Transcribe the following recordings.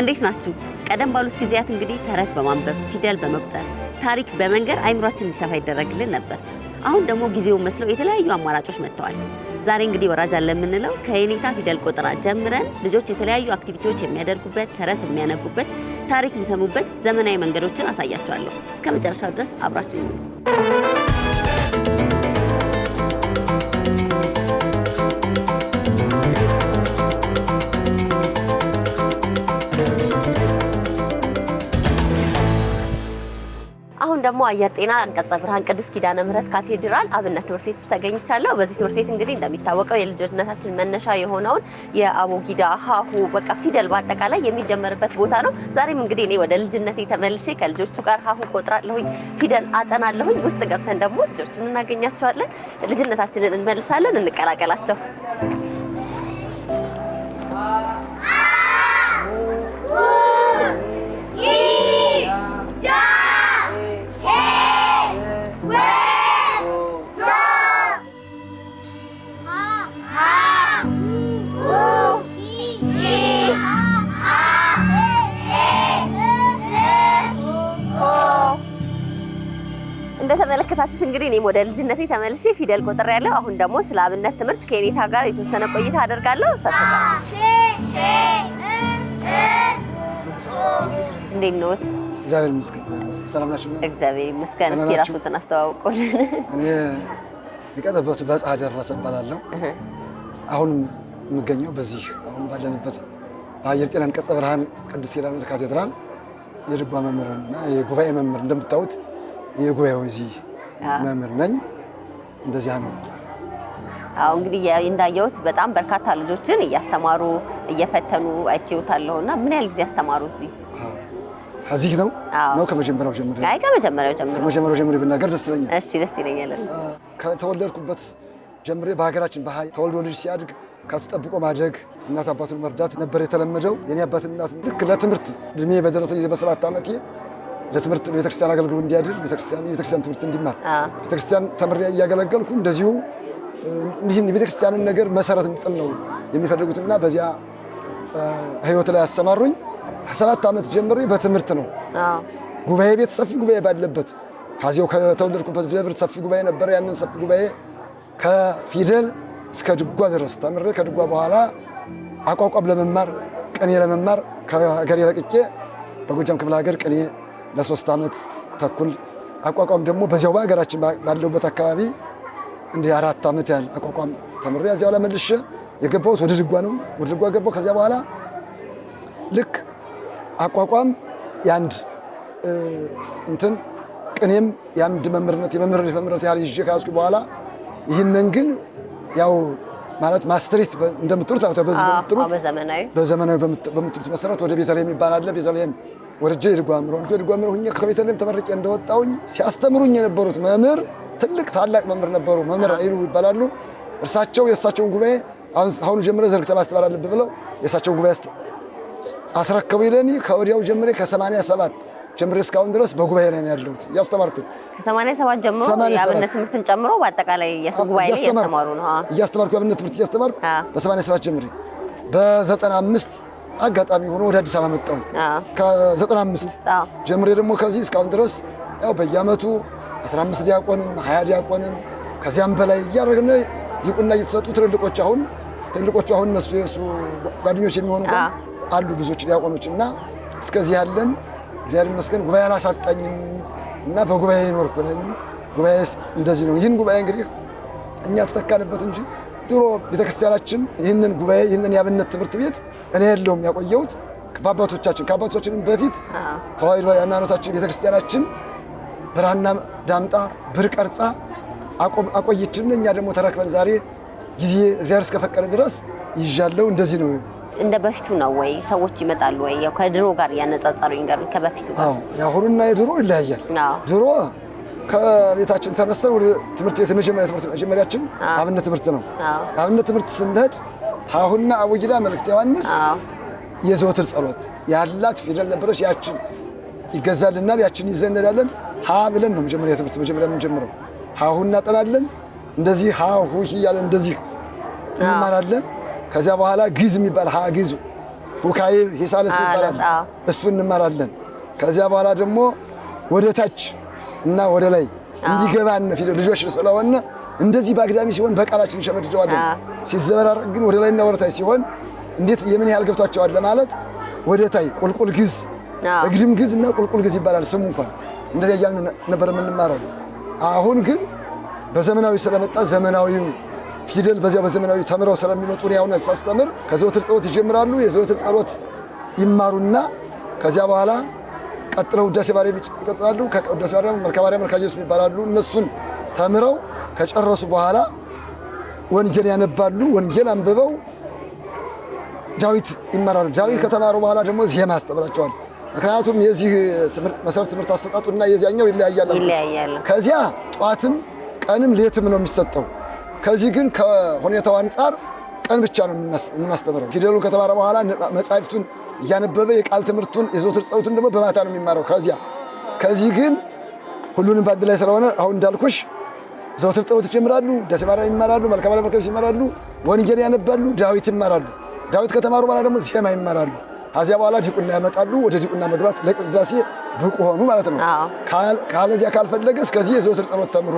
እንዴት ናችሁ? ቀደም ባሉት ጊዜያት እንግዲህ ተረት በማንበብ ፊደል በመቁጠር ታሪክ በመንገር አይምሯችን እንዲሰፋ ይደረግልን ነበር። አሁን ደግሞ ጊዜውን መስለው የተለያዩ አማራጮች መጥተዋል። ዛሬ እንግዲህ ወራጅ አለ የምንለው ከየኔታ ፊደል ቆጠራ ጀምረን ልጆች የተለያዩ አክቲቪቲዎች የሚያደርጉበት፣ ተረት የሚያነቡበት፣ ታሪክ የሚሰሙበት ዘመናዊ መንገዶችን አሳያችኋለሁ። እስከ መጨረሻው ድረስ ይሁኑ። ደግሞ አየር ጤና አንቀጸ ብርሃን ቅዱስ ኪዳነ ምሕረት ካቴድራል አብነት ትምህርት ቤት ውስጥ ተገኝቻለሁ። በዚህ ትምህርት ቤት እንግዲህ እንደሚታወቀው የልጅነታችን መነሻ የሆነውን የአቦጊዳ ሀሁ በቃ ፊደል በአጠቃላይ የሚጀመርበት ቦታ ነው። ዛሬም እንግዲህ እኔ ወደ ልጅነቴ ተመልሼ ከልጆቹ ጋር ሀሁ ቆጥራለሁኝ፣ ፊደል አጠናለሁኝ። ውስጥ ገብተን ደግሞ ልጆቹን እናገኛቸዋለን። ልጅነታችንን እንመልሳለን። እንቀላቀላቸው። ተመለከታችሁት እንግዲህ እኔም ወደ ልጅነቴ ተመልሼ ፊደል ቆጥር ያለው። አሁን ደግሞ ስለ አብነት ትምህርት ከኔታ ጋር የተወሰነ ቆይታ አደርጋለሁ። እንዴት ነዎት? እግዚአብሔር ይመስገን። ሰላም ናችሁ? እግዚአብሔር ይመስገን። እስኪ አስተዋውቁልን። ደረሰ እባላለሁ። አሁን የምገኘው በዚህ አሁን ባለንበት በአየር ጤናን ቀጸ ብርሃን ቅድስት ካቴድራል የድጓ የጉባኤ መምህር እንደምታዩት የጉባኤው እዚህ መምህር ነኝ። እንደዚያ ነው። አዎ እንግዲህ እንዳየሁት በጣም በርካታ ልጆችን እያስተማሩ እየፈተኑ አይቼዎታለሁ እና ምን ያህል ጊዜ አስተማሩ እዚህ እዚህ ነው ነው ከመጀመሪያው ጀምሮ አይ ከመጀመሪያው ጀምሮ ከመጀመሪያው ጀምሮ ብናገር ደስ ይለኛል። እሺ ደስ ይለኛል። ከተወለድኩበት ጀምሬ በሀገራችን ባህል ተወልዶ ልጅ ሲያድግ ከተጠብቆ ማድረግ እናት አባቱን መርዳት ነበር የተለመደው። የኔ አባትና እናት ልክ ለትምህርት እድሜ በደረሰ ጊዜ በሰባት ዓመቴ ለትምህርት ቤተክርስቲያን አገልግሎት እንዲያድር ቤተክርስቲያን ትምህርት እንዲማር ቤተክርስቲያን ተምሬ እያገለገልኩ እንደዚሁ ይህን የቤተክርስቲያንን ነገር መሰረት እንጥል ነው የሚፈልጉትና በዚያ ህይወት ላይ ያሰማሩኝ። ሰባት ዓመት ጀምሬ በትምህርት ነው ጉባኤ ቤት ሰፊ ጉባኤ ባለበት ከዚያው ከተወለድኩበት ደብር ሰፊ ጉባኤ ነበረ። ያንን ሰፊ ጉባኤ ከፊደል እስከ ድጓ ድረስ ተምሬ ከድጓ በኋላ አቋቋም ለመማር ቅኔ ለመማር ከሀገሬ ለቅቄ በጎጃም ክፍለ ሀገር ቅኔ ለሶስት ዓመት ተኩል አቋቋም ደግሞ በዚያው በሀገራችን ባለውበት አካባቢ እንደ አራት ዓመት ያህል አቋቋም ተምሬ እዚያው ላይ መልሼ የገባሁት ወደ ድጓ ነው። ወደ ድጓ ገባሁ። ከዚያ በኋላ ልክ አቋቋም የአንድ እንትን ቅኔም የአንድ መምህርነት የመምህርነት መምህርነት ያህል ይዤ ከያዝኩ በኋላ ይህንን ግን ያው ማለት ማስትሪት እንደምትሉት በዘመናዊ በምትሉት መሰረት ወደ ቤተልሔም ይባላል ቤተልሔም ወርጄ ድጓምሮ ወርጄ ድጓምሮ ሁኜ ከቤተልሔም ተመርቄ እንደወጣሁኝ ሲያስተምሩኝ የነበሩት መምህር ትልቅ ታላቅ መምህር ነበሩ። መምህር አይሉ ይባላሉ። እርሳቸው የእሳቸውን ጉባኤ አሁን ጀምረ ዘርግ ተባስ አለብህ ብለው የእሳቸውን ጉባኤ አስረከቡ ይለኒ ከወዲያው ጀምሬ ከሰማንያ ሰባት ጀምሬ እስካሁን ድረስ በጉባኤ ላይ ያለሁት እያስተማርኩኝ ከሰማንያ ሰባት ጀምሮ የአብነት ትምህርትን ጨምሮ በአጠቃላይ ጉባኤ ላይ እያስተማሩ ነው እያስተማርኩ የአብነት ትምህርት እያስተማርኩ በሰማንያ ሰባት ጀምሬ በዘጠና አምስት አጋጣሚ ሆኖ ወደ አዲስ አበባ መጣሁ ከዘጠና አምስት ጀምሬ ደግሞ ከዚህ እስካሁን ድረስ ያው በየአመቱ 15 ዲያቆንም 20 ዲያቆንም ከዚያም በላይ እያደረግን ዲቁና እየተሰጡ ትልልቆች አሁን ትልልቆቹ አሁን እነሱ የሱ ጓደኞች የሚሆኑ አሉ ብዙዎች ዲያቆኖች እና እስከዚህ ያለን እግዚአብሔር ይመስገን ጉባኤ አላሳጣኝም እና በጉባኤ ይኖርኩ ነኝ። ጉባኤ እንደዚህ ነው። ይህን ጉባኤ እንግዲህ እኛ ተተካንበት እንጂ ድሮ ቤተክርስቲያናችን ይህንን ጉባኤ ይህንን የአብነት ትምህርት ቤት እኔ የለውም ያቆየሁት በአባቶቻችን ከአባቶቻችን በፊት ተዋሕዶ ሃይማኖታችን ቤተክርስቲያናችን ብራና ዳምጣ ብር ቀርጻ አቆየችን። እኛ ደግሞ ተረክበን ዛሬ ጊዜ እግዚአብሔር እስከፈቀደ ድረስ ይዣለው። እንደዚህ ነው። እንደ በፊቱ ነው ወይ ሰዎች ይመጣሉ ወይ? ከድሮ ጋር ያነጻጸሩ ጋር ከበፊቱ ጋር አዎ፣ የድሮ ይለያያል። ድሮ ከቤታችን ተነስተን ወደ ትምህርት ቤት መጀመሪያ ትምህርት መጀመሪያችን አብነት ትምህርት ነው። አብነት ትምህርት ስንሄድ ሀሁና አቡጊዳ መልእክት ዮሐንስ የዘወትር ጸሎት ያላት ፊደል ነበረች። ያችን ይገዛልናል፣ ያችን ይዘነዳለን። ሀ ብለን ነው መጀመሪያ ትምህርት መጀመሪያ የምንጀምረው። ሀሁ እናጠናለን። እንደዚህ ሀሁ እያለን እንደዚህ እንማራለን። ከዚያ በኋላ ግዕዝ የሚባል ሀ ግዕዝ ሁካዬ ሂሳለስ ይባላል። እሱ እንማራለን። ከዚያ በኋላ ደግሞ ወደ ታች እና ወደ ላይ እንዲገባን ልጆች ስለሆነ እንደዚህ በአግዳሚ ሲሆን በቃላችን እንሸመድደዋለን። ሲዘበራረቅ ግን ወደ ላይና ወደ ታይ ሲሆን እንዴት የምን ያህል ገብቷቸዋል ለማለት ወደ ታይ ቁልቁል ግዝ፣ እግድም ግዝ እና ቁልቁል ግዝ ይባላል ስሙ እንኳን እንደዚያ እያልን ነበር የምንማረው። አሁን ግን በዘመናዊ ስለመጣ ዘመናዊው ፊደል በዚያ በዘመናዊ ተምረው ስለሚመጡ ያሁን ሳስተምር ከዘወትር ጸሎት ይጀምራሉ። የዘወትር ጸሎት ይማሩና ከዚያ በኋላ ቀጥለው ውዳሴ ማርያም ይቀጥላሉ። ከውዳሴ ማርያም መልካ ማርያም፣ መልካ ኢየሱስ ይባላሉ። እነሱን ተምረው ከጨረሱ በኋላ ወንጌል ያነባሉ። ወንጌል አንብበው ዳዊት ይማራሉ። ዳዊት ከተማሩ በኋላ ደግሞ ዜማ ያስጠብላቸዋል። ምክንያቱም የዚህ መሰረት ትምህርት አሰጣጡና የዚያኛው ይለያያል። ከዚያ ጠዋትም ቀንም ሌትም ነው የሚሰጠው። ከዚህ ግን ከሁኔታው አንጻር ቀን ብቻ ነው የምናስተምረው። ፊደሉን ከተማረ በኋላ መጻሕፍቱን እያነበበ የቃል ትምህርቱን የዘወትር ጸሎቱን ደግሞ በማታ ነው የሚማረው። ከዚያ ከዚህ ግን ሁሉንም በአንድ ላይ ስለሆነ አሁን እንዳልኩሽ ዘወትር ጸሎት ይጀምራሉ፣ ደስ ማርያም ይማራሉ፣ መልክአ መለኮት ይማራሉ፣ ወንጌል ያነባሉ፣ ዳዊት ይማራሉ። ዳዊት ከተማሩ በኋላ ደግሞ ዜማ ይማራሉ። ከዚያ በኋላ ዲቁና ያመጣሉ። ወደ ዲቁና መግባት ለቅዳሴ ብቁ ሆኑ ማለት ነው። ካለዚያ ካልፈለገ እስከዚህ የዘወትር ጸሎት ተምሮ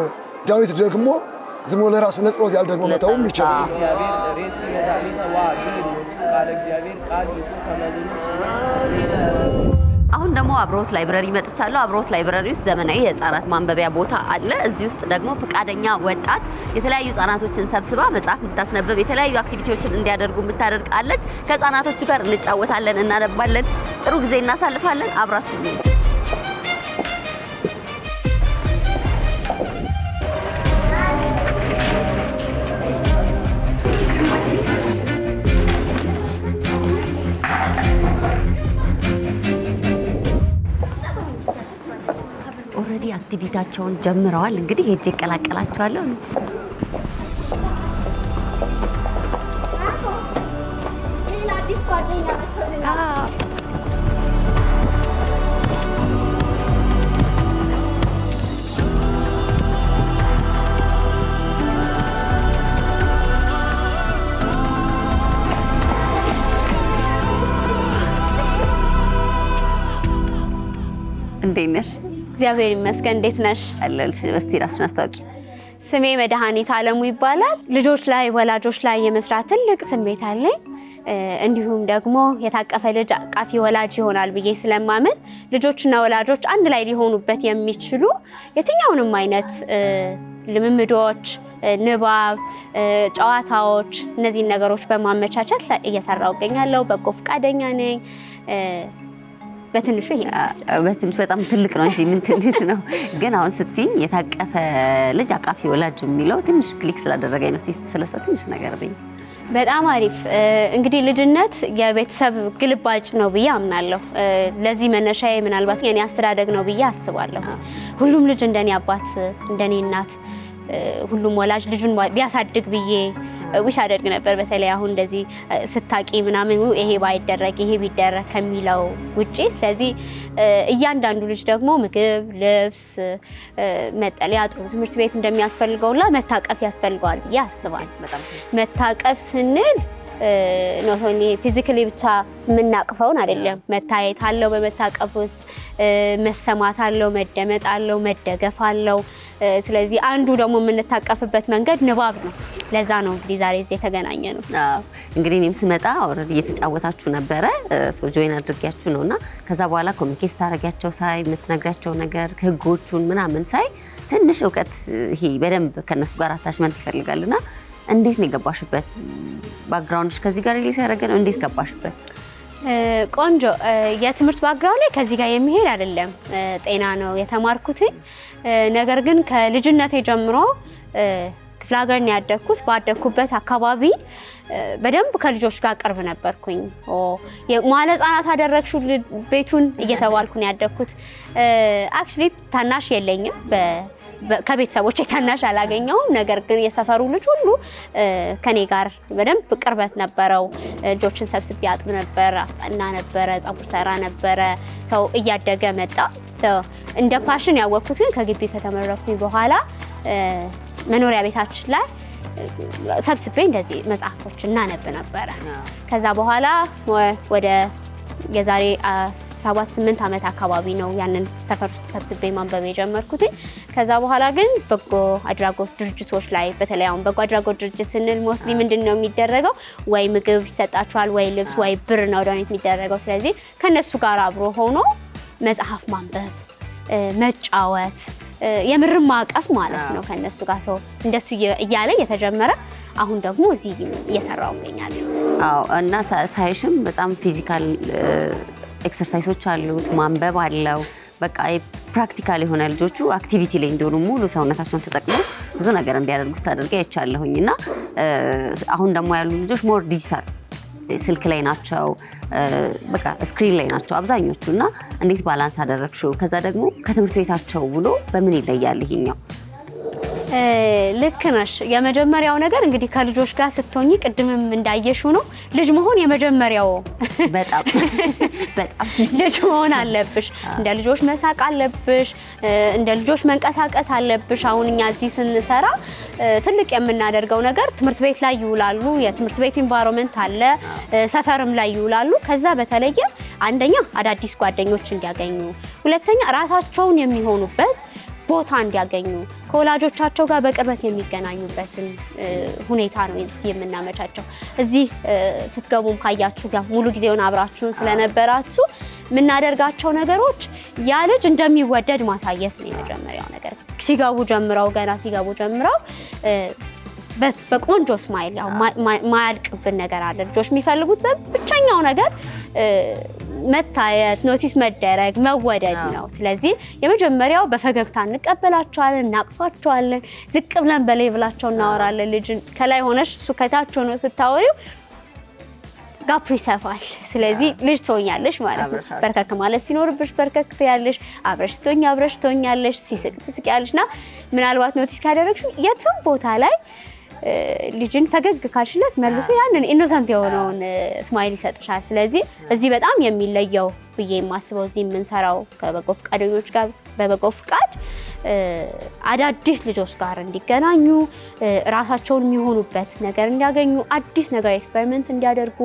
ዳዊት ደግሞ ዝም ብሎ ለራሱ ነጽሮት ያል ደግሞ መተውም ይቻላል። አሁን ደግሞ አብሮት ላይብረሪ መጥቻለሁ። አብሮት ላይብረሪ ውስጥ ዘመናዊ የህፃናት ማንበቢያ ቦታ አለ። እዚህ ውስጥ ደግሞ ፈቃደኛ ወጣት የተለያዩ ህፃናቶችን ሰብስባ መጽሐፍ የምታስነብብ የተለያዩ አክቲቪቲዎችን እንዲያደርጉ የምታደርግ አለች። ከህፃናቶቹ ጋር እንጫወታለን፣ እናነባለን፣ ጥሩ ጊዜ እናሳልፋለን። አብራችሁ አክቲቪታቸውን ጀምረዋል። እንግዲህ ሄጄ እቀላቀላቸዋለሁ ነው እንዴት ነሽ? እግዚአብሔር ይመስገን። እንዴት ነሽ? አለልሽ። እስቲ ራስሽን አስታውቂ። ስሜ መድኃኒት አለሙ ይባላል። ልጆች ላይ ወላጆች ላይ የመስራት ትልቅ ስሜት አለኝ። እንዲሁም ደግሞ የታቀፈ ልጅ አቃፊ ወላጅ ይሆናል ብዬ ስለማምን ልጆችና ወላጆች አንድ ላይ ሊሆኑበት የሚችሉ የትኛውንም አይነት ልምምዶች፣ ንባብ፣ ጨዋታዎች እነዚህን ነገሮች በማመቻቸት እየሰራው እገኛለሁ። በጎ ፈቃደኛ ነኝ። በትንሹ ይሄ በትንሹ በጣም ትልቅ ነው እንጂ ምን ትንሽ ነው። ግን አሁን ስትይኝ የታቀፈ ልጅ አቃፊ ወላጅ የሚለው ትንሽ ክሊክ ስላደረገ ነው። ትንሽ ነገር ብኝ። በጣም አሪፍ እንግዲህ ልጅነት የቤተሰብ ግልባጭ ነው ብዬ አምናለሁ። ለዚህ መነሻዬ ምናልባት የኔ አስተዳደግ ነው ብዬ አስባለሁ። ሁሉም ልጅ እንደኔ አባት እንደኔ እናት ሁሉም ወላጅ ልጁን ቢያሳድግ ብዬ ውሽ አደርግ ነበር። በተለይ አሁን እንደዚህ ስታቂ ምናምን ይሄ ባይደረግ ይሄ ቢደረግ ከሚለው ውጪ። ስለዚህ እያንዳንዱ ልጅ ደግሞ ምግብ፣ ልብስ፣ መጠለያ፣ ጥሩ ትምህርት ቤት እንደሚያስፈልገውላ መታቀፍ ያስፈልገዋል ብዬ መታቀፍ ስንል ኖት ፊዚካሊ ብቻ የምናቅፈውን አይደለም። መታየት አለው፣ በመታቀፍ ውስጥ መሰማት አለው፣ መደመጥ አለው፣ መደገፍ አለው። ስለዚህ አንዱ ደግሞ የምንታቀፍበት መንገድ ንባብ ነው። ለዛ ነው እንግዲህ ዛሬ እዚህ የተገናኘ ነው። እንግዲህ እኔም ስመጣ ኦልሬዲ እየተጫወታችሁ ነበረ፣ ጆይን አድርጊያችሁ ነው እና ከዛ በኋላ ኮሚኒኬት ታደረጊያቸው ሳይ የምትነግሪያቸው ነገር ህጎቹን ምናምን ሳይ ትንሽ እውቀት ይሄ በደንብ ከእነሱ ጋር አታችመንት ይፈልጋልና እንዴት ነው የገባሽበት? ባክግራውንድሽ ከዚህ ጋር ሊት ያደረገ ነው። እንዴት ገባሽበት? ቆንጆ የትምህርት ባክግራውንድ ላይ ከዚህ ጋር የሚሄድ አይደለም። ጤና ነው የተማርኩትኝ። ነገር ግን ከልጅነቴ ጀምሮ ክፍለ ሀገር ነው ያደግኩት። ባደግኩበት አካባቢ በደንብ ከልጆች ጋር ቅርብ ነበርኩኝ። መዋለ ህጻናት አደረግሹ ቤቱን እየተባልኩ ነው ያደግኩት። አክቹዋሊ ታናሽ የለኝም ከቤተሰቦቼ የታናሽ አላገኘውም። ነገር ግን የሰፈሩ ልጅ ሁሉ ከኔ ጋር በደንብ ቅርበት ነበረው። ልጆችን ሰብስቤ አጥብ ነበር፣ አስጠና ነበረ፣ ጸጉር ሰራ ነበረ። ሰው እያደገ መጣ። እንደ ፋሽን ያወቅኩት ግን ከግቢ ከተመረኩኝ በኋላ መኖሪያ ቤታችን ላይ ሰብስቤ እንደዚህ መጽሐፎች እናነብ ነበረ። ከዛ በኋላ ወደ የዛሬ ሰባት ስምንት ዓመት አካባቢ ነው ያንን ሰፈር ውስጥ ሰብስቤ ማንበብ የጀመርኩትኝ። ከዛ በኋላ ግን በጎ አድራጎት ድርጅቶች ላይ በተለይ አሁን በጎ አድራጎት ድርጅት ስንል ሞስሊ ምንድን ነው የሚደረገው? ወይ ምግብ ይሰጣቸዋል፣ ወይ ልብስ፣ ወይ ብር ነው ዶኔት የሚደረገው። ስለዚህ ከነሱ ጋር አብሮ ሆኖ መጽሐፍ ማንበብ፣ መጫወት፣ የምርም ማቀፍ ማለት ነው ከነሱ ጋር ሰው እንደሱ እያለ እየተጀመረ አሁን ደግሞ እዚህ እየሰራው እገኛለሁ። አዎ እና ሳይሽም በጣም ፊዚካል ኤክሰርሳይሶች አሉት፣ ማንበብ አለው። በቃ ፕራክቲካል የሆነ ልጆቹ አክቲቪቲ ላይ እንዲሆኑ ሙሉ ሰውነታቸውን ተጠቅመው ብዙ ነገር እንዲያደርጉ ስታደርገ አይቻለሁኝ። እና አሁን ደግሞ ያሉ ልጆች ሞር ዲጂታል ስልክ ላይ ናቸው፣ በቃ ስክሪን ላይ ናቸው አብዛኞቹ። እና እንዴት ባላንስ አደረግሽው? ከዛ ደግሞ ከትምህርት ቤታቸው ብሎ በምን ይለያል ይሄኛው? ልክ ነሽ። የመጀመሪያው ነገር እንግዲህ ከልጆች ጋር ስትሆኚ ቅድምም እንዳየሽው ነው ልጅ መሆን የመጀመሪያው በጣም በጣም ልጅ መሆን አለብሽ። እንደ ልጆች መሳቅ አለብሽ። እንደ ልጆች መንቀሳቀስ አለብሽ። አሁን እኛ እዚህ ስንሰራ ትልቅ የምናደርገው ነገር ትምህርት ቤት ላይ ይውላሉ። የትምህርት ቤት ኢንቫይሮንመንት አለ፣ ሰፈርም ላይ ይውላሉ። ከዛ በተለየ አንደኛ አዳዲስ ጓደኞች እንዲያገኙ፣ ሁለተኛ ራሳቸውን የሚሆኑበት ቦታ እንዲያገኙ ከወላጆቻቸው ጋር በቅርበት የሚገናኙበትን ሁኔታ ነው የምናመቻቸው። እዚህ ስትገቡም ካያችሁ ጋር ሙሉ ጊዜውን አብራችሁን ስለነበራችሁ የምናደርጋቸው ነገሮች ያ ልጅ እንደሚወደድ ማሳየት ነው የመጀመሪያው ነገር። ሲገቡ ጀምረው ገና ሲገቡ ጀምረው በቆንጆ ስማይል ያው ማያልቅብን ነገር አለ ልጆች የሚፈልጉት ብቸኛው ነገር መታየት፣ ኖቲስ መደረግ፣ መወደድ ነው። ስለዚህ የመጀመሪያው በፈገግታ እንቀበላቸዋለን፣ እናቅፋቸዋለን፣ ዝቅ ብለን በሌብላቸው እናወራለን። ልጅ ከላይ ሆነሽ እሱ ከታች ሆኖ ስታወሪው ጋፑ ይሰፋል። ስለዚህ ልጅ ትሆኛለሽ ማለት ነው። በርከክ ማለት ሲኖርብሽ በርከክ ትያለሽ፣ አብረሽ ስትሆኝ አብረሽ ትሆኛለሽ፣ ሲስቅ ያለሽ እና ምናልባት ኖቲስ ካደረግሽ የትም ቦታ ላይ ልጅን ፈገግ ካልሽለት መልሶ ያንን ኢኖሰንት የሆነውን ስማይል ይሰጥሻል። ስለዚህ እዚህ በጣም የሚለየው ብዬ የማስበው እዚህ የምንሰራው ከበጎ ፈቃደኞች ጋር በበጎ ፍቃድ አዳዲስ ልጆች ጋር እንዲገናኙ ራሳቸውን የሚሆኑበት ነገር እንዲያገኙ አዲስ ነገር ኤክስፐሪመንት እንዲያደርጉ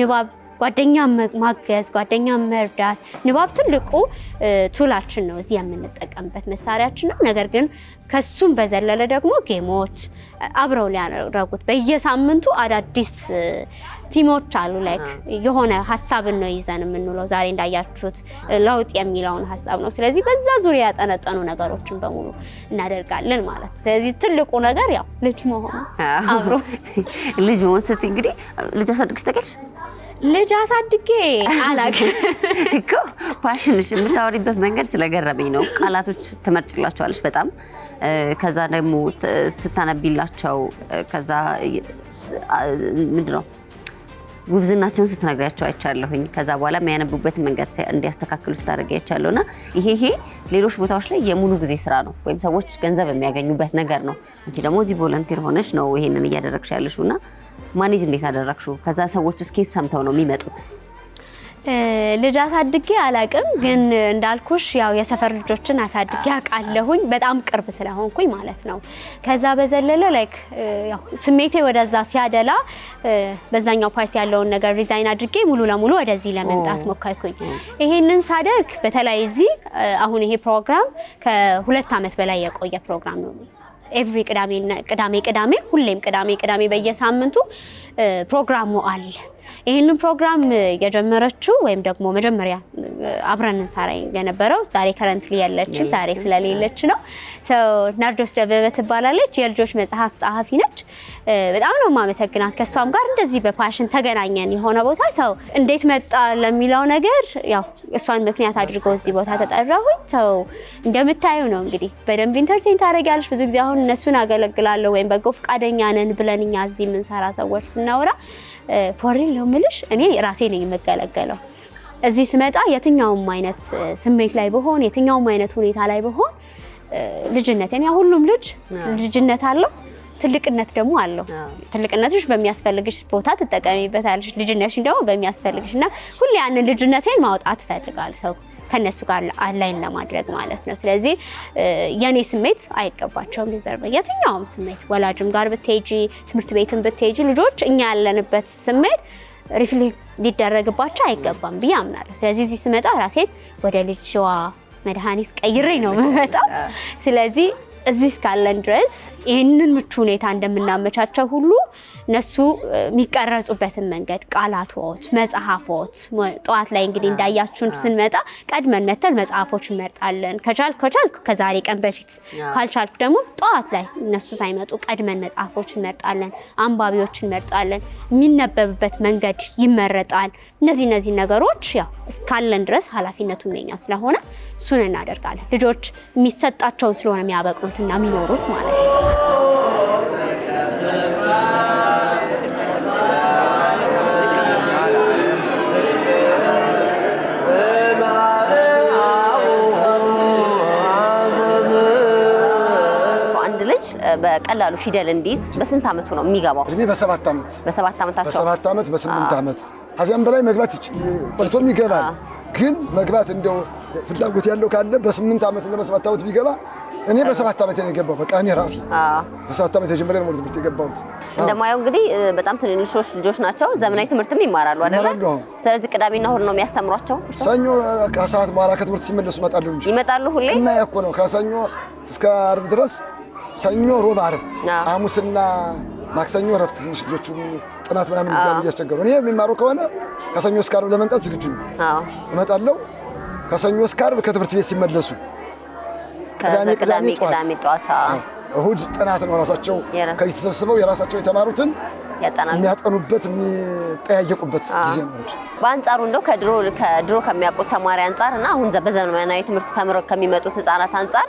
ንባብ ጓደኛ ማገዝ፣ ጓደኛ መርዳት። ንባብ ትልቁ ቱላችን ነው እዚህ የምንጠቀምበት መሳሪያችን ነው። ነገር ግን ከሱም በዘለለ ደግሞ ጌሞች አብረው ሊያደረጉት በየሳምንቱ አዳዲስ ቲሞች አሉ። ላይክ የሆነ ሀሳብን ነው ይዘን የምንውለው። ዛሬ እንዳያችሁት ለውጥ የሚለውን ሀሳብ ነው። ስለዚህ በዛ ዙሪያ ያጠነጠኑ ነገሮችን በሙሉ እናደርጋለን ማለት ነው። ስለዚህ ትልቁ ነገር ያው ልጅ መሆኑ አብሮ ልጅ መሆን ስትይ እንግዲህ ልጅ አሳድግሽ ልጅ አሳድጌ አላውቅም እኮ ፓሽንሽ የምታወሪበት መንገድ ስለገረመኝ ነው። ቃላቶች ትመርጭላቸዋለች በጣም ከዛ ደግሞ ስታነቢላቸው ከዛ ምንድን ነው ጉብዝናቸውን ስትነግሪያቸው አይቻለሁኝ። ከዛ በኋላ የሚያነቡበት መንገድ እንዲያስተካክሉ ስታደርግ አይቻለሁ። እና ይሄ ይሄ ሌሎች ቦታዎች ላይ የሙሉ ጊዜ ስራ ነው ወይም ሰዎች ገንዘብ የሚያገኙበት ነገር ነው። አንቺ ደግሞ እዚህ ቮለንቲር ሆነች ነው ይሄንን እያደረግሽ ያለሽው። እና ማኔጅ እንዴት አደረግሽው? ከዛ ሰዎች ውስጥ ኬት ሰምተው ነው የሚመጡት? ልጅ አሳድጌ አላቅም፣ ግን እንዳልኩሽ ያው የሰፈር ልጆችን አሳድጌ አውቃለሁኝ በጣም ቅርብ ስለሆንኩኝ ማለት ነው። ከዛ በዘለለ ላይክ ያው ስሜቴ ወደዛ ሲያደላ በዛኛው ፓርቲ ያለውን ነገር ሪዛይን አድርጌ ሙሉ ለሙሉ ወደዚህ ለመምጣት ሞከርኩኝ። ይሄንን ሳደርግ በተለይ እዚህ አሁን ይሄ ፕሮግራም ከሁለት ዓመት በላይ የቆየ ፕሮግራም ነው። ኤቭሪ ቅዳሜ ቅዳሜ ቅዳሜ ሁሌም ቅዳሜ ቅዳሜ በየሳምንቱ ፕሮግራሙ አለ ይህንን ፕሮግራም የጀመረችው ወይም ደግሞ መጀመሪያ አብረን እንሰራ የነበረው ዛሬ ከረንትሊ ያለችን ዛሬ ስለሌለች ነው። ናርዶስ ደበበ ትባላለች። የልጆች መጽሐፍ ጸሐፊ ነች። በጣም ነው የማመሰግናት። ከእሷም ጋር እንደዚህ በፓሽን ተገናኘን። የሆነ ቦታ ሰው እንዴት መጣ ለሚለው ነገር ያው እሷን ምክንያት አድርጎ እዚህ ቦታ ተጠራሁኝ። ሰው እንደምታዩ ነው እንግዲህ በደንብ ኢንተርቴን ታደርጊያለሽ። ብዙ ጊዜ አሁን እነሱን አገለግላለሁ ወይም በጎ ፈቃደኛ ነን ብለን እኛ እዚህ የምንሰራ ሰዎች ስናወራ ፎሪን ለምልሽ እኔ ራሴ ነኝ የምገለገለው። እዚህ ስመጣ የትኛውም አይነት ስሜት ላይ በሆን የትኛውም አይነት ሁኔታ ላይ በሆን ልጅነት ያ ሁሉም ልጅ ልጅነት አለው ትልቅነት ደግሞ አለው። ትልቅነትሽ በሚያስፈልግሽ ቦታ ትጠቀሚበታለሽ፣ ልጅነትሽ ደግሞ በሚያስፈልግሽ እና ሁሌ ያንን ልጅነቴን ማውጣት እፈልጋለሁ ሰው ከነሱ ጋር አላይን ለማድረግ ማለት ነው። ስለዚህ የኔ ስሜት አይገባቸውም ዲዘርቭ የትኛውም ስሜት ወላጅም ጋር ብትሄጂ፣ ትምህርት ቤትም ብትሄጂ ልጆች እኛ ያለንበት ስሜት ሪፍሌክት ሊደረግባቸው አይገባም ብዬ አምናለሁ። ስለዚህ እዚህ ስመጣ ራሴን ወደ ልጅዋ መድኃኒት ቀይሬ ነው የምመጣው። ስለዚህ እዚህ እስካለን ድረስ ይህንን ምቹ ሁኔታ እንደምናመቻቸው ሁሉ እነሱ የሚቀረጹበትን መንገድ ቃላቶች መጽሐፎት ጠዋት ላይ እንግዲህ እንዳያችሁን ስንመጣ ቀድመን መተን መጽሐፎች እንመርጣለን። ከቻል ከቻልኩ ከዛሬ ቀን በፊት ካልቻልኩ ደግሞ ጠዋት ላይ እነሱ ሳይመጡ ቀድመን መጽሐፎች እንመርጣለን፣ አንባቢዎች እንመርጣለን፣ የሚነበብበት መንገድ ይመረጣል። እነዚህ እነዚህ ነገሮች ያው እስካለን ድረስ ኃላፊነቱ የኛ ስለሆነ እሱን እናደርጋለን። ልጆች የሚሰጣቸውን ስለሆነ የሚያበቅሩ የሚኖሩትና የሚኖሩት ማለት ነው። በቀላሉ ፊደል እንዲይዝ በስንት ዓመቱ ነው የሚገባው? እድሜ በሰባት ዓመት በሰባት ዓመት በሰባት ዓመት በስምንት ዓመት ከዚያም በላይ መግባት ቆልቶም ይገባል። ግን መግባት እንደው ፍላጎት ያለው ካለ በስምንት ዓመት እና በሰባት ዓመት ቢገባ እኔ በሰባት ዓመት ነው የገባው። በቃ እኔ ራሴ በሰባት ዓመቴ ጀምሬ ነው ትምህርት የገባሁት። እንደማየው እንግዲህ በጣም ትንንሾች ልጆች ናቸው። ዘመናዊ ትምህርትም ይማራሉ አይደለ? ስለዚህ ቅዳሜና እሑድ ነው የሚያስተምሯቸው። ሰኞ ከሰዓት በኋላ ከትምህርት ሲመለሱ ይመጣሉ እንጂ ይመጣሉ ሁሌ እና ያኮ ነው ከሰኞ እስከ ዓርብ ድረስ ሰኞ፣ ሮብ፣ ዓርብ፣ ሐሙስና ማክሰኞ እረፍት። ትንሽ ልጆቹ ጥናት ምናምን እያስቸገሩ እኔ የሚማሩ ከሆነ ከሰኞ እስከ ዓርብ ለመምጣት ዝግጁ ነው እመጣለሁ። ከሰኞ እስከ ዓርብ ከትምህርት ቤት ሲመለሱ ቅዳሜ ቅዳሜ ጠዋት እሁድ ጥናት ነው። ራሳቸው ከዚህ ተሰብስበው የራሳቸው የተማሩትን የሚያጠኑበት የሚጠያየቁበት ጊዜ ነው። በአንጻሩ እንደው ከድሮ ከሚያውቁት ተማሪ አንጻር እና አሁን በዘመናዊ ትምህርት ተምረው ከሚመጡት ህጻናት አንጻር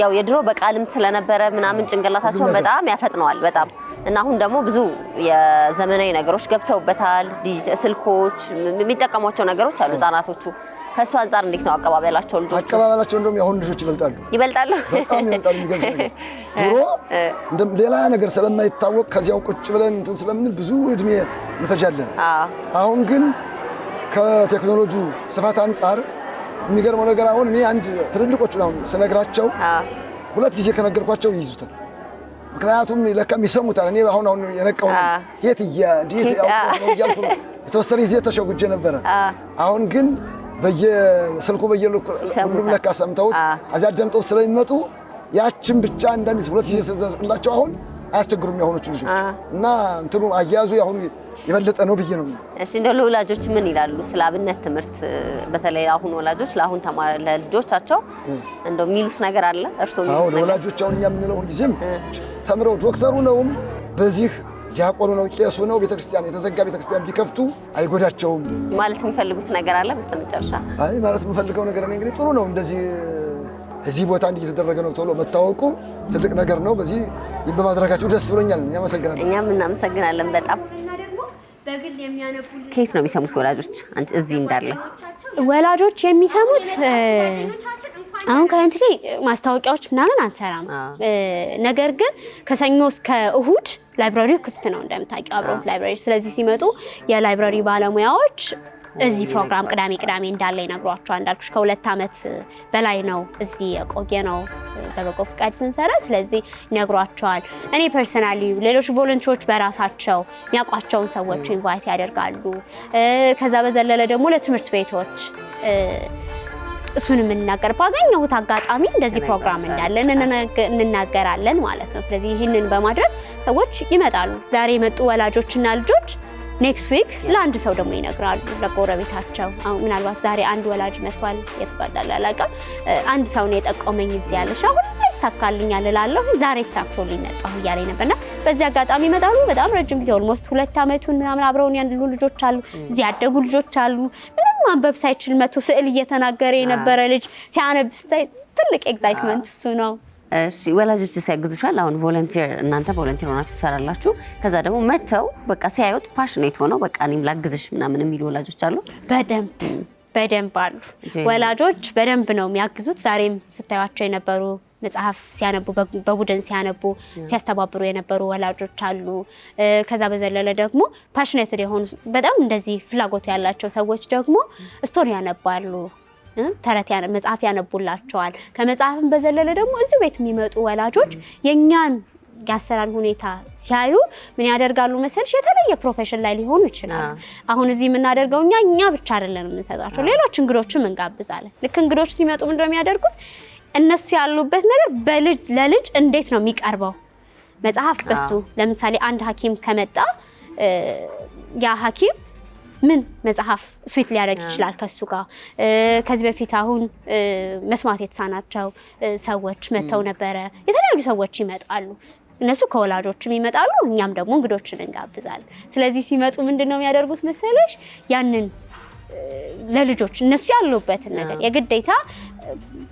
ያው የድሮ በቃልም ስለነበረ ምናምን ጭንቅላታቸውን በጣም ያፈጥነዋል በጣም እና አሁን ደግሞ ብዙ የዘመናዊ ነገሮች ገብተውበታል። ስልኮች የሚጠቀሟቸው ነገሮች አሉ ህጻናቶቹ ከእሱ አንጻር እንዴት ነው አቀባበላቸው? ልጆቹ አቀባበላቸው እንደውም የአሁኑ ልጆች ይበልጣሉ ይበልጣሉ በጣም ይበልጣሉ። የሚገርም ነገር ድሮ ሌላ ነገር ስለማይታወቅ ከዚያው ቁጭ ብለን እንትን ስለምንል ብዙ እድሜ እንፈጃለን። አሁን ግን ከቴክኖሎጂ ስፋት አንጻር የሚገርመው ነገር አሁን እኔ አንድ ትልልቆቹን አሁን ስነግራቸው ሁለት ጊዜ ከነገርኳቸው ይይዙታል። ምክንያቱም ለካም ይሰሙታል። እኔ አሁን አሁን የነቃው የት እያ እንዴት ያው ነው የተወሰነ ጊዜ ተሸጉጄ ነበረ። አሁን ግን በየስልኩ በየልኩ ሁሉም ለካ ሰምተውት እዚያ አዳምጠውት ስለሚመጡ ያችን ብቻ እንዳንዲስ ሁለት ጊዜ ስለዘቅላቸው አሁን አያስቸግሩም የሆኖች ልጆች እና እንትኑ አያያዙ አሁኑ የበለጠ ነው ብዬ ነው። እሺ እንደ ለወላጆች ምን ይላሉ? ስለ አብነት ትምህርት በተለይ አሁን ወላጆች ለአሁን ተማሪ ለልጆቻቸው እንደው የሚሉት ነገር አለ? እርሶ ለወላጆች አሁን እኛ የምንለው ሁልጊዜም ተምረው ዶክተሩ ነውም በዚህ ዲያቆኑ ነው ቄሱ ነው ቤተክርስቲያን የተዘጋ ቤተክርስቲያን ቢከፍቱ አይጎዳቸውም። ማለት የሚፈልጉት ነገር አለ በስተመጨረሻ። አይ ማለት የምፈልገው ነገር እኔ እንግዲህ ጥሩ ነው እንደዚህ እዚህ ቦታ እንዲህ እየተደረገ ነው ቶሎ መታወቁ ትልቅ ነገር ነው። በዚህ በማድረጋችሁ ደስ ብሎኛል። እኛ አመሰግናለን። እኛም እናመሰግናለን በጣም ከየት ነው የሚሰሙት ወላጆች? እዚህ እንዳለ ወላጆች የሚሰሙት አሁን ከረንት ላይ ማስታወቂያዎች ምናምን አንሰራም። ነገር ግን ከሰኞ እስከ እሁድ ላይብራሪው ክፍት ነው እንደምታውቂው፣ አብረውት ላይብራሪ። ስለዚህ ሲመጡ የላይብራሪ ባለሙያዎች እዚህ ፕሮግራም ቅዳሜ ቅዳሜ እንዳለ ይነግሯቸዋል። እንዳልኩሽ ከሁለት ዓመት በላይ ነው እዚህ የቆየ ነው በበጎ ፍቃድ ስንሰራ። ስለዚህ ይነግሯቸዋል። እኔ ፐርሰናሊ ሌሎች ቮለንቲሮች በራሳቸው የሚያውቋቸውን ሰዎች ኢንቫይት ያደርጋሉ። ከዛ በዘለለ ደግሞ ለትምህርት ቤቶች እሱን የምንናገር ባገኘሁት አጋጣሚ እንደዚህ ፕሮግራም እንዳለን እንናገራለን ማለት ነው። ስለዚህ ይህንን በማድረግ ሰዎች ይመጣሉ። ዛሬ የመጡ ወላጆችና ልጆች ኔክስት ዊክ ለአንድ ሰው ደግሞ ይነግራሉ፣ ለጎረቤታቸው። አሁን ምናልባት ዛሬ አንድ ወላጅ መቷል፣ የተጓዳል አላውቅም። አንድ ሰው ነው የጠቆመኝ እዚህ ያለሽ አሁን ላይ ይሳካልኛል እላለሁ። ዛሬ ተሳክቶልኝ መጣሁ እያለኝ ነበርና በዚህ አጋጣሚ ይመጣሉ። በጣም ረጅም ጊዜ ኦልሞስት ሁለት ዓመቱን ምናምን አብረውን ያሉ ልጆች አሉ፣ እዚህ ያደጉ ልጆች አሉ። ምንም ማንበብ ሳይችል መቶ ስዕል እየተናገረ የነበረ ልጅ ሲያነብ ስታይ ትልቅ ኤግዛይትመንት እሱ ነው። እሺ ወላጆች ሲያግዙሻል። አሁን ቮለንቲር እናንተ ቮለንቲር ሆናችሁ ትሰራላችሁ። ከዛ ደግሞ መተው በቃ ሲያዩት ፓሽኔት ሆነው በቃ እኔም ላግዝሽ ምናምን የሚሉ ወላጆች አሉ። በደንብ በደንብ አሉ ወላጆች በደንብ ነው የሚያግዙት። ዛሬም ስታዩቸው የነበሩ መጽሐፍ ሲያነቡ በቡድን ሲያነቡ ሲያስተባብሩ የነበሩ ወላጆች አሉ። ከዛ በዘለለ ደግሞ ፓሽኔትድ የሆኑ በጣም እንደዚህ ፍላጎቱ ያላቸው ሰዎች ደግሞ ስቶሪ ያነባሉ ተረት መጽሐፍ ያነቡላቸዋል። ከመጽሐፍን በዘለለ ደግሞ እዚሁ ቤት የሚመጡ ወላጆች የእኛን የአሰራር ሁኔታ ሲያዩ ምን ያደርጋሉ መሰልሽ? የተለየ ፕሮፌሽን ላይ ሊሆኑ ይችላል። አሁን እዚህ የምናደርገው እኛ እኛ ብቻ አይደለን የምንሰጣቸው፣ ሌሎች እንግዶችም እንጋብዛለን። ልክ እንግዶች ሲመጡ ምንድነው የሚያደርጉት? እነሱ ያሉበት ነገር በልጅ ለልጅ እንዴት ነው የሚቀርበው መጽሐፍ በሱ ለምሳሌ አንድ ሐኪም ከመጣ ያ ሐኪም ምን መጽሐፍ ስዊት ሊያደርግ ይችላል ከሱ ጋር። ከዚህ በፊት አሁን መስማት የተሳናቸው ሰዎች መጥተው ነበረ። የተለያዩ ሰዎች ይመጣሉ። እነሱ ከወላጆችም ይመጣሉ፣ እኛም ደግሞ እንግዶችን እንጋብዛለን። ስለዚህ ሲመጡ ምንድን ነው የሚያደርጉት መሰለሽ ያንን ለልጆች እነሱ ያሉበትን ነገር የግዴታ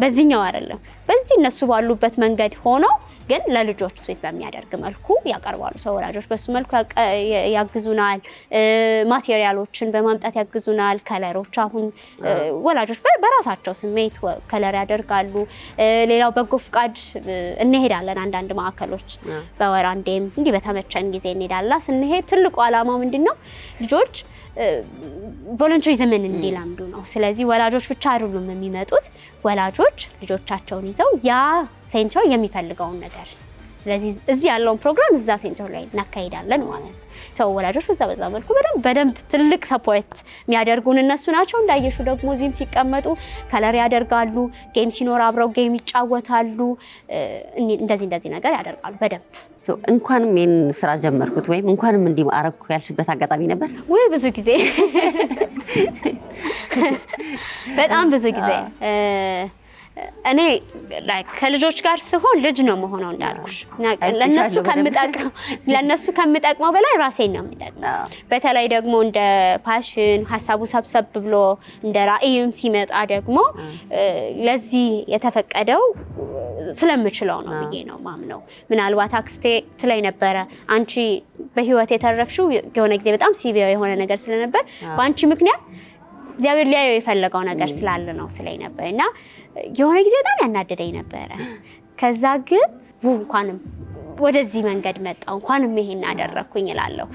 በዚህኛው አይደለም በዚህ እነሱ ባሉበት መንገድ ሆነው ግን ለልጆች ስዊት በሚያደርግ መልኩ ያቀርባሉ። ሰው ወላጆች በሱ መልኩ ያግዙናል። ማቴሪያሎችን በማምጣት ያግዙናል። ከለሮች አሁን ወላጆች በራሳቸው ስሜት ከለር ያደርጋሉ። ሌላው በጎ ፍቃድ እንሄዳለን። አንዳንድ ማዕከሎች በወር አንዴም እንዲህ በተመቸን ጊዜ እንሄዳላ። ስንሄድ ትልቁ አላማ ምንድን ነው ልጆች ቮለንተሪዝምን እንዲለምዱ ነው። ስለዚህ ወላጆች ብቻ አይደሉም የሚመጡት። ወላጆች ልጆቻቸውን ይዘው ያ ሴንቸር የሚፈልገውን ነገር ስለዚህ እዚህ ያለውን ፕሮግራም እዛ ሴንተር ላይ እናካሄዳለን ማለት ሰው ወላጆች በዛ በዛ መልኩ በደንብ በደንብ ትልቅ ሰፖርት የሚያደርጉን እነሱ ናቸው። እንዳየሹ ደግሞ እዚህም ሲቀመጡ ከለር ያደርጋሉ። ጌም ሲኖር አብረው ጌም ይጫወታሉ። እንደዚህ እንደዚህ ነገር ያደርጋሉ በደንብ እንኳንም ይህን ስራ ጀመርኩት ወይም እንኳንም እንዲህ አረግኩ ያልሽበት አጋጣሚ ነበር ወይ? ብዙ ጊዜ በጣም ብዙ ጊዜ እኔ ከልጆች ጋር ስሆን ልጅ ነው መሆነው እንዳልኩሽ፣ ለእነሱ ከምጠቅመው በላይ ራሴን ነው የምጠቅመው። በተለይ ደግሞ እንደ ፓሽን ሀሳቡ ሰብሰብ ብሎ እንደ ራዕይም ሲመጣ ደግሞ ለዚህ የተፈቀደው ስለምችለው ነው ብዬ ነው ማምነው። ምናልባት አክስቴ ትለኝ ነበረ አንቺ በህይወት የተረፍሽው የሆነ ጊዜ በጣም ሲቪያ የሆነ ነገር ስለነበር በአንቺ ምክንያት እግዚአብሔር ሊያየው የፈለገው ነገር ስላለ ነው ትለኝ ነበር እና የሆነ ጊዜ በጣም ያናደደኝ ነበረ። ከዛ ግን እንኳንም ወደዚህ መንገድ መጣው እንኳንም ይሄን አደረግኩኝ እላለሁ።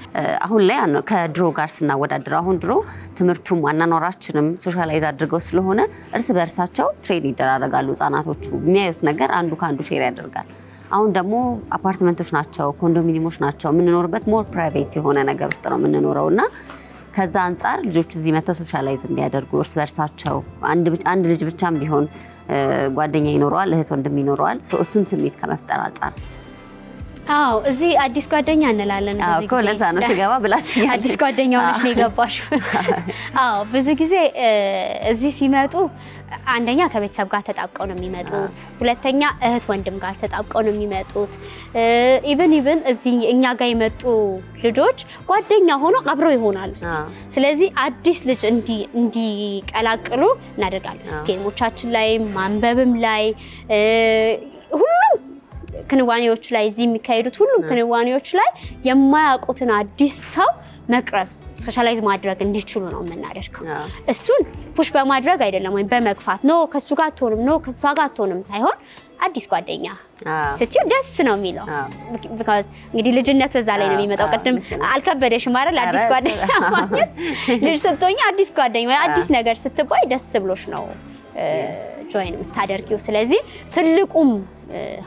አሁን ላይ ከድሮ ጋር ስናወዳድረው አሁን ድሮ ትምህርቱም አኗኗራችንም ሶሻላይዝ አድርገው ስለሆነ እርስ በእርሳቸው ትሬድ ይደራረጋሉ ህጻናቶቹ። የሚያዩት ነገር አንዱ ከአንዱ ሼር ያደርጋል። አሁን ደግሞ አፓርትመንቶች ናቸው፣ ኮንዶሚኒየሞች ናቸው። የምንኖርበት ሞር ፕራይቬት የሆነ ነገር ውስጥ ነው የምንኖረው እና ከዛ አንጻር ልጆቹ እዚህ መተው ሶሻላይዝ እንዲያደርጉ እርስ በርሳቸው አንድ ልጅ ብቻም ቢሆን ጓደኛ ይኖረዋል፣ እህት ወንድም ይኖረዋል። እሱን ስሜት ከመፍጠር አንጻር አዎ እዚህ አዲስ ጓደኛ እንላለን። ብዙ ጊዜ ለዛ ነው ስገባ ብላችሁ አዲስ ጓደኛ ሆነች ነው የገባሽው። አዎ ብዙ ጊዜ እዚህ ሲመጡ አንደኛ ከቤተሰብ ጋር ተጣብቀው ነው የሚመጡት። ሁለተኛ እህት ወንድም ጋር ተጣብቀው ነው የሚመጡት። ኢቭን ኢቭን እዚህ እኛ ጋር የመጡ ልጆች ጓደኛ ሆኖ አብረው ይሆናሉ። ስለዚህ አዲስ ልጅ እንዲቀላቅሉ እናደርጋለን። ጌሞቻችን ላይ ማንበብም ላይ ሁሉ ክንዋኔዎች ላይ እዚህ የሚካሄዱት ሁሉም ክንዋኔዎች ላይ የማያውቁትን አዲስ ሰው መቅረብ ስፔሻላይዝ ማድረግ እንዲችሉ ነው የምናደርገው። እሱን ፑሽ በማድረግ አይደለም ወይም በመግፋት ኖ ከሱ ጋር አትሆንም፣ ኖ ከሷ ጋር አትሆንም ሳይሆን አዲስ ጓደኛ ስትሆን ደስ ነው የሚለው። እንግዲህ ልጅነት በዛ ላይ ነው የሚመጣው። ቅድም አልከበደሽም አይደል? አዲስ ጓደኛ ማለት ልጅ ስትሆኝ አዲስ ጓደኛ ወይ አዲስ ነገር ስትባይ ደስ ብሎሽ ነው ጆይን የምታደርጊው። ስለዚህ ትልቁም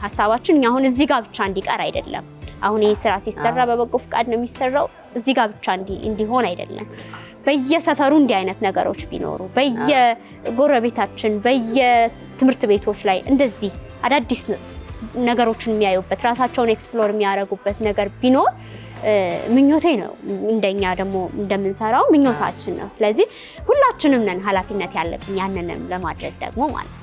ሀሳባችን አሁን እዚህ ጋር ብቻ እንዲቀር አይደለም። አሁን ይህ ስራ ሲሰራ በበጎ ፍቃድ ነው የሚሰራው። እዚህ ጋር ብቻ እንዲሆን አይደለም። በየሰፈሩ እንዲህ አይነት ነገሮች ቢኖሩ፣ በየጎረቤታችን በየትምህርት ቤቶች ላይ እንደዚህ አዳዲስ ነገሮችን የሚያዩበት ራሳቸውን ኤክስፕሎር የሚያደርጉበት ነገር ቢኖር ምኞቴ ነው። እንደኛ ደግሞ እንደምንሰራው ምኞታችን ነው። ስለዚህ ሁላችንም ነን ኃላፊነት ያለብን ያንንም ለማድረግ ደግሞ ማለት ነው።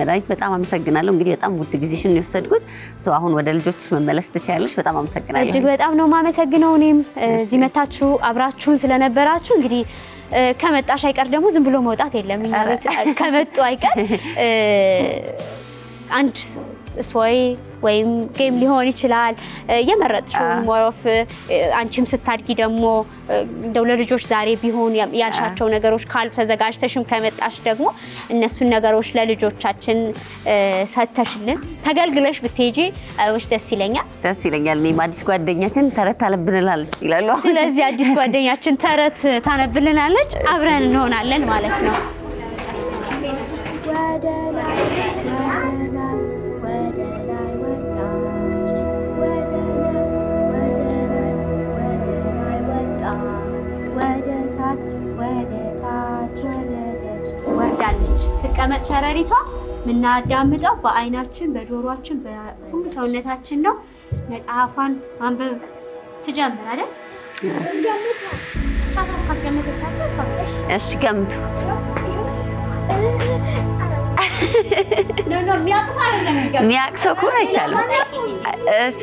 መድኃኒት በጣም አመሰግናለሁ። እንግዲህ በጣም ውድ ጊዜሽን የወሰድኩት ሰው አሁን ወደ ልጆችሽ መመለስ ትችያለሽ። በጣም አመሰግናለሁ። እጅግ በጣም ነው የማመሰግነው። እኔም እዚህ መታችሁ አብራችሁን ስለነበራችሁ እንግዲህ ከመጣሽ አይቀር ደግሞ ዝም ብሎ መውጣት የለም። ከመጡ አይቀር አንድ ስቶሪ ወይም ጌም ሊሆን ይችላል። የመረጥሽውን ወሮፍ አንቺም ስታድጊ ደግሞ እንደው ለልጆች ዛሬ ቢሆን ያልሻቸው ነገሮች ካሉ ተዘጋጅተሽም ከመጣሽ ደግሞ እነሱን ነገሮች ለልጆቻችን ሰተሽልን ተገልግለሽ ብትሄጂ አይዎች ደስ ይለኛል፣ ደስ ይለኛል። እኔም አዲስ ጓደኛችን ተረት ታነብልናለች ይላሉ። ስለዚህ አዲስ ጓደኛችን ተረት ታነብልናለች፣ አብረን እንሆናለን ማለት ነው። ለመቀመጥ ሸረሪቷ የምናዳምጠው በአይናችን፣ በጆሯችን በሁሉ ሰውነታችን ነው። መጽሐፏን ማንበብ ትጀምር አይደል? ካስገመተቻቸው እሺ፣ ገምቱ የሚያቅሰው ከሆነ አይቻልም። እሺ፣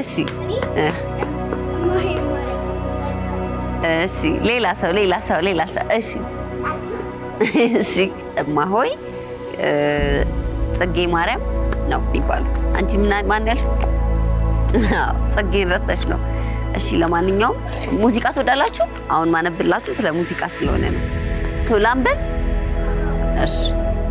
እሺ፣ እሺ። ሌላ ሰው ሌላ ሰው ሌላ ሰው እሺ እሺ እማሆይ ጽጌ ማርያም ነው የሚባለው። አንቺ ማን ያልሽ? ጽጌ ረስተሽ ነው። እሺ ለማንኛውም ሙዚቃ ትወዳላችሁ? አሁን ማነብላችሁ ስለ ሙዚቃ ስለሆነ ነው። ሰው ላንበብ። እሺ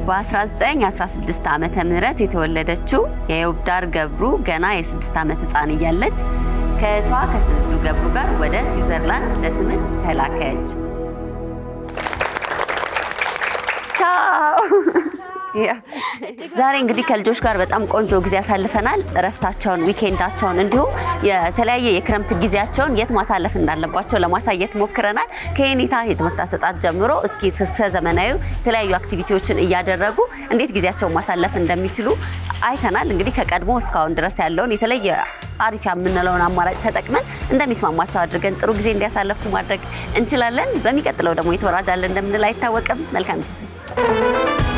በ1916 ዓመተ ምህረት የተወለደችው የዮብዳር ገብሩ ገና የስድስት ዓመት ህፃን እያለች ከእህቷ ከስንዱ ገብሩ ጋር ወደ ስዊዘርላንድ ለትምህርት ተላከች። ዛሬ እንግዲህ ከልጆች ጋር በጣም ቆንጆ ጊዜ ያሳልፈናል። እረፍታቸውን፣ ዊኬንዳቸውን እንዲሁም የተለያየ የክረምት ጊዜያቸውን የት ማሳለፍ እንዳለባቸው ለማሳየት ሞክረናል። ከኔታ የትምህርት አሰጣጥ ጀምሮ እስኪ ስለ ዘመናዊ የተለያዩ አክቲቪቲዎችን እያደረጉ እንዴት ጊዜያቸውን ማሳለፍ እንደሚችሉ አይተናል። እንግዲህ ከቀድሞ እስካሁን ድረስ ያለውን የተለየ አሪፍ የምንለውን አማራጭ ተጠቅመን እንደሚስማማቸው አድርገን ጥሩ ጊዜ እንዲያሳለፉ ማድረግ እንችላለን። በሚቀጥለው ደግሞ የተወራጃለን እንደምንል አይታወቅም። መልካም Thank you.